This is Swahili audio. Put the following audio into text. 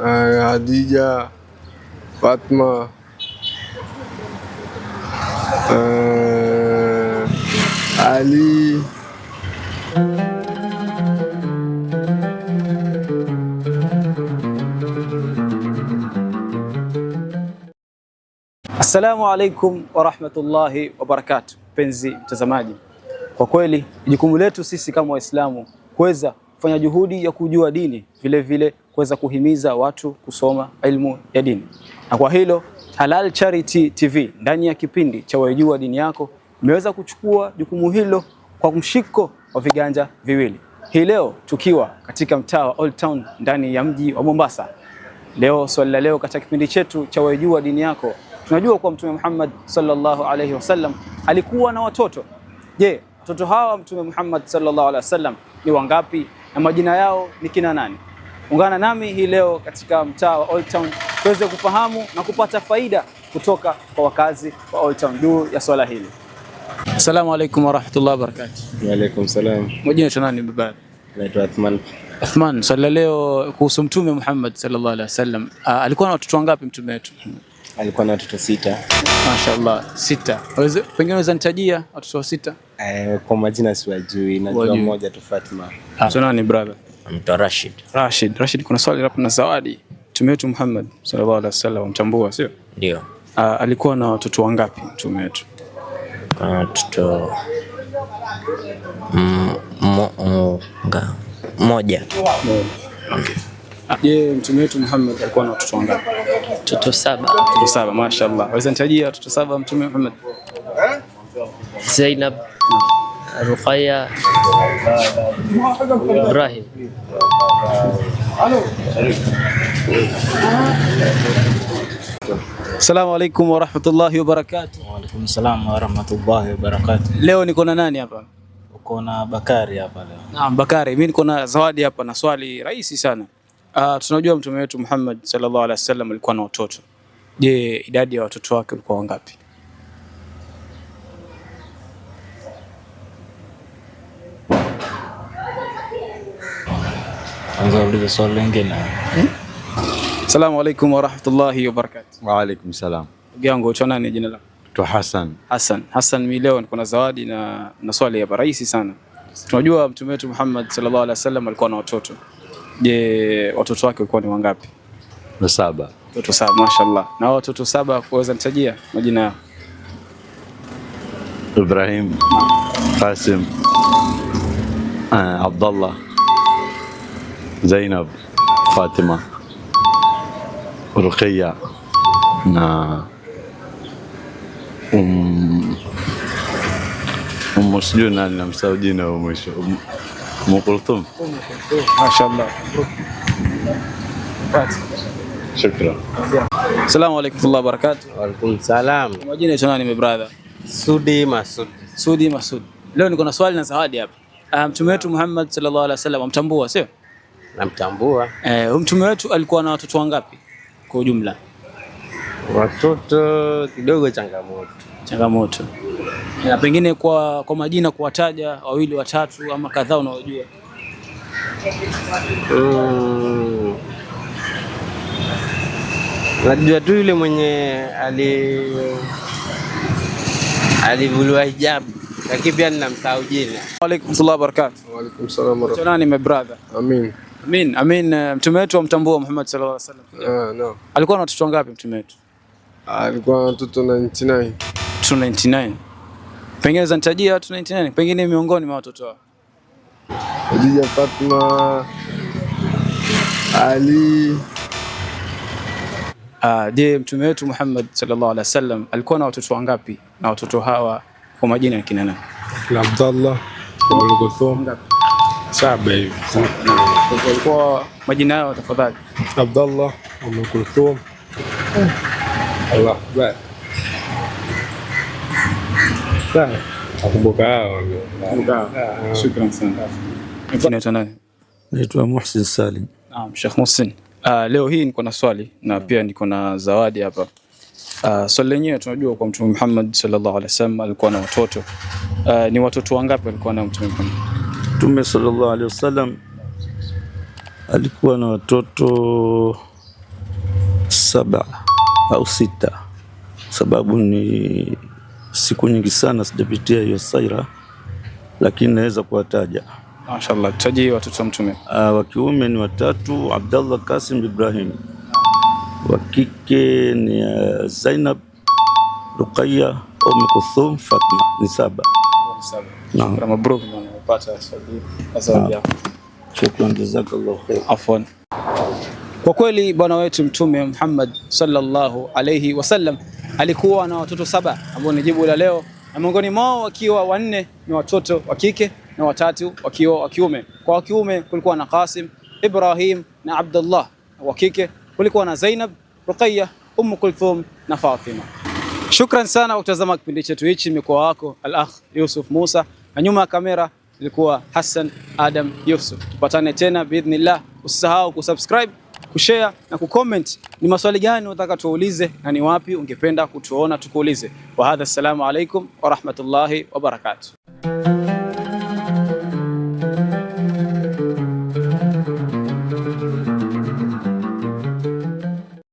Eh, Hadija, Fatma, eh, Ali. Assalamu alaikum warahmatullahi wabarakatu mpenzi mtazamaji, kwa kweli jukumu letu sisi kama Waislamu kuweza kufanya juhudi ya kujua dini vilevile vile kuweza kuhimiza watu kusoma elimu ya dini. Na kwa hilo Halal Charity TV ndani ya kipindi cha Waijua Dini Yako imeweza kuchukua jukumu hilo kwa mshiko wa viganja viwili. Hii leo tukiwa katika mtaa wa Old Town ndani ya mji wa Mombasa. Leo swali la leo katika kipindi chetu cha Waijua Dini Yako, tunajua kuwa Mtume Muhammad sallallahu alaihi wasallam alikuwa na watoto. Je, watoto hawa Mtume Muhammad sallallahu alaihi wasallam ni wangapi na majina yao ni kina nani? Ungana nami hii leo katika mtaa wa Old Town tuweze kufahamu na kupata faida kutoka kwa wakazi wa Old Town juu ya swala hili. Asalamu alaykum wa rahmatullahi wa barakatuh. Wa alaykum salam. Majina nani baba? Naitwa Athman. Athman, swala leo kuhusu Mtume Muhammad sallallahu alaihi wasallam. Ah, alikuwa na watoto wangapi mtume wetu? Alikuwa na watoto sita. Mashaallah, sita. Waweza Pengine unaweza nitajia watoto sita? Eh, kwa majina siwajui, najua mmoja tu Fatima. Ah, nani brother? anaitwa Rashid. Rashid, Rashid, kuna swali hapa na zawadi. Mtume wetu Muhammad sallallahu alaihi wasallam mtambua, sio? Ndio. Ah, alikuwa na watoto wangapi mtume wetu? Watoto mm, moja. Okay. Ah, je, mtume wetu Muhammad alikuwa na watoto wangapi? Watoto saba. Watoto saba, mashaallah. Waweza nitajia watoto saba mtume Muhammad? Zainab. Ruqayya Ibrahim. Assalamu alaikum warahmatullahi wabarakatuh. Wa alaikum salam warahmatullahi wabarakatuh. Leo niko na nani hapa? Uko na Bakari hapa leo. Naam, Bakari, mimi niko na zawadi hapa na swali rahisi sana. Uh, tunajua mtume wetu Muhammad sallallahu alaihi wasallam alikuwa na watoto. Je, idadi ya watoto wake ilikuwa wangapi? Kwanza ulize swali lingine. Assalamu alaykum wa rahmatullahi wa barakatuh. Wa alaykum salam. Ndugu yangu unaitwa ni jina lako? Tu Hassan. Hassan. Hassan, mimi leo niko na zawadi na na swali hapa rahisi sana. Tunajua Mtume wetu Muhammad sallallahu alaihi wasallam alikuwa na watoto. Je, watoto wake walikuwa ni wangapi? Na saba. Watoto saba, mashaallah. Na watoto saba kuweza nitajia majina yao? Ibrahim, Qasim, uh, eh, Abdullah زينب فاطمه رقيه ام ام مسجون لنا مسعودين ام ام قلطوم ما شاء الله شكرا السلام عليكم ورحمه الله وبركاته وعليكم السلام مجيني شنو انا يعني براذر سودي مسود سودي مسود لو نكون سؤالنا سعادي هبه mtume um, wetu Muhammad sallallahu alaihi wasallam amtambua sio? namtambua. Eh, mtume wetu alikuwa na watoto wangapi kwa ujumla? Watoto kidogo changamoto, changamoto na pengine kwa, kwa majina kuwataja wawili watatu ama kadhaa unaojua? Mm, najua tu yule mwenye ali alivuliwa hijabu, lakini pia ninamsahau jina. Waalaikumsalam wabarakatuh. Waalaikumsalam wabarakatuh. Nani my brother? Amin. Amin, amin. Eh, mtume wetu amtambua Muhammad sallallahu alaihi wasallam. Ah, no. Alikuwa na watoto wangapi mtume wetu? Ah, alikuwa na watoto 99. 99. Pengine zanitajia watu 99, pengine miongoni mwa watoto wao. Khadija, Fatma, Ali. Ah, je, mtume wetu Muhammad sallallahu alaihi wasallam alikuwa na watoto wangapi na watoto hawa kwa majina ya kina nani? Abdullah, Umm Kulthum saba hivi. Kwa majina yao tafadhali. Abdallah Umm Kulthum. Allah Sawa. Nakumbuka hao. Ah, ah. Shukrani sana. Naitwa Muhsin Salim. Naam, Sheikh Muhsin. Uh, Leo hii niko na swali na pia niko na zawadi hapa. Uh, swali lenyewe tunajua kwa Mtume Muhammad sallallahu alaihi wasallam alikuwa na watoto. Uh, ni watoto wangapi alikuwa na Mtume Muhammad? Mtume sallallahu alaihi wasallam alikuwa na watoto saba au sita, sababu ni siku nyingi sana sijapitia hiyo saira, lakini naweza kuwataja. Mashaallah, Taji watoto wa Mtume. Ah, wa kiume ni watatu, Abdallah, Kasim, Ibrahim. Wa kike ni ah, Zainab, Ruqayya, Umm Kulthum, Fatma. Ni saba. Naam kupata Afwan. Kwa kweli bwana wetu Mtume Muhammad sallallahu alayhi wasallam alikuwa na watoto saba ambao ni jibu la leo, na miongoni mwao wakiwa wanne ni watoto wa kike na watatu wakiwa wa kiume. Kwa wa kiume kulikuwa na Qasim, Ibrahim na Abdullah, wa kike kulikuwa na Zainab, Ruqayya, Umm Kulthum na Fatima. Shukran sana kwa kutazama kipindi chetu hichi. Mikoa wako Al-Akh Yusuf Musa, na nyuma ya kamera ilikuwa Hassan Adam Yusuf. Tupatane tena biidhnillah. Usisahau kusubscribe, kushare na kucomment. Ni maswali gani unataka tuulize na ni wapi ungependa kutuona tukuulize? Wa hadha, assalamu alaikum wa rahmatullahi wa barakatuh.